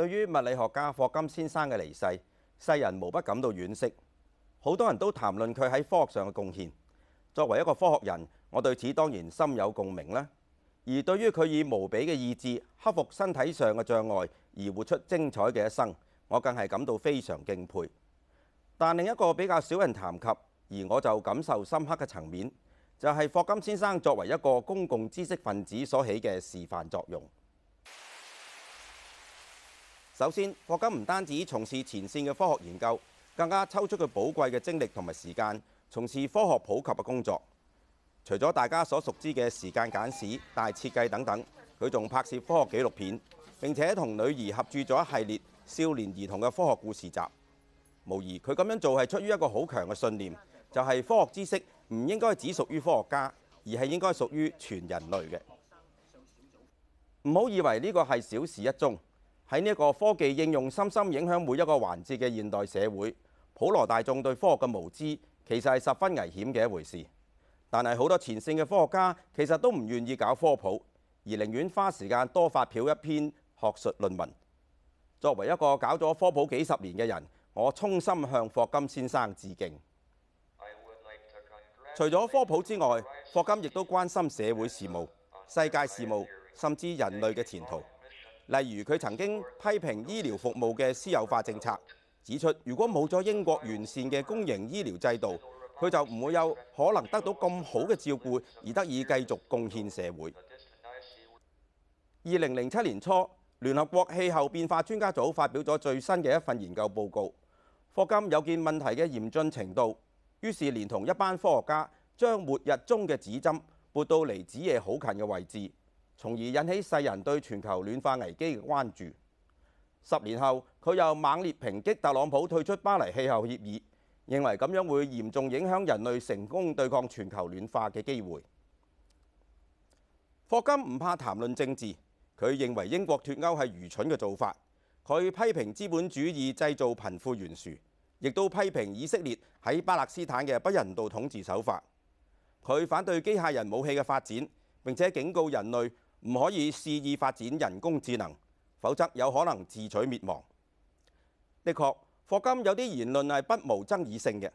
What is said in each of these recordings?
對於物理學家霍金先生嘅離世，世人無不感到惋惜。好多人都談論佢喺科學上嘅貢獻。作為一個科學人，我對此當然深有共鳴啦。而對於佢以無比嘅意志克服身體上嘅障礙而活出精彩嘅一生，我更係感到非常敬佩。但另一個比較少人談及，而我就感受深刻嘅層面，就係霍金先生作為一個公共知識分子所起嘅示範作用。首先，霍金唔單止從事前線嘅科學研究，更加抽出佢寶貴嘅精力同埋時間從事科學普及嘅工作。除咗大家所熟知嘅時間簡史、大設計等等，佢仲拍攝科學紀錄片，並且同女兒合著咗一系列少年兒童嘅科學故事集。無疑，佢咁樣做係出於一個好強嘅信念，就係科學知識唔應該只屬於科學家，而係應該屬於全人類嘅。唔好以為呢個係小事一宗。喺呢個科技應用深深影響每一個環節嘅現代社會，普羅大眾對科學嘅無知其實係十分危險嘅一回事。但係好多前線嘅科學家其實都唔願意搞科普，而寧願花時間多發表一篇學術論文。作為一個搞咗科普幾十年嘅人，我衷心向霍金先生致敬。除咗科普之外，霍金亦都關心社會事務、世界事務，甚至人類嘅前途。例如佢曾經批評醫療服務嘅私有化政策，指出如果冇咗英國完善嘅公營醫療制度，佢就唔會有可能得到咁好嘅照顧，而得以繼續貢獻社會。二零零七年初，聯合國氣候變化專家組發表咗最新嘅一份研究報告，霍金有見問題嘅嚴峻程度，於是連同一班科學家將末日鐘嘅指針撥到離子夜好近嘅位置。從而引起世人對全球暖化危機嘅關注。十年後，佢又猛烈抨擊特朗普退出巴黎氣候協議，認為咁樣會嚴重影響人類成功對抗全球暖化嘅機會。霍金唔怕談論政治，佢認為英國脱歐係愚蠢嘅做法。佢批評資本主義製造貧富懸殊，亦都批評以色列喺巴勒斯坦嘅不人道統治手法。佢反對機械人武器嘅發展，並且警告人類。唔可以肆意發展人工智能，否則有可能自取滅亡。的確，霍金有啲言論係不無爭議性嘅。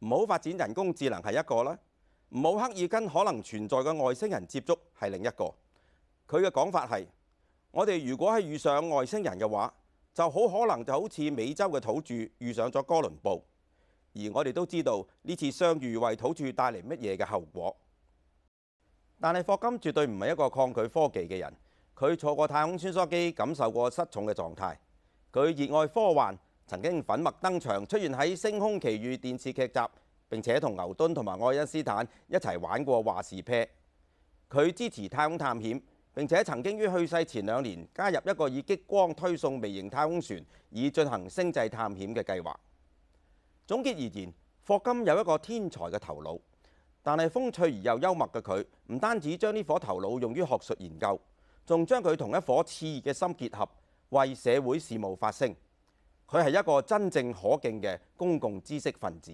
唔好發展人工智能係一個啦，唔好刻意跟可能存在嘅外星人接觸係另一個。佢嘅講法係：我哋如果係遇上外星人嘅話，就好可能就好似美洲嘅土著遇上咗哥倫布，而我哋都知道呢次相遇為土著帶嚟乜嘢嘅後果。但係霍金絕對唔係一個抗拒科技嘅人，佢坐過太空穿梭機，感受過失重嘅狀態；佢熱愛科幻，曾經粉墨登場出現喺《星空奇遇》電視劇集，並且同牛頓同埋愛因斯坦一齊玩過話事啤。佢支持太空探險，並且曾經於去世前兩年加入一個以激光推送微型太空船以進行星際探險嘅計劃。總結而言，霍金有一個天才嘅頭腦。但係風趣而又幽默嘅佢，唔單止將呢顆頭腦用於學術研究，仲將佢同一顆熾熱嘅心結合，為社會事務發聲。佢係一個真正可敬嘅公共知識分子。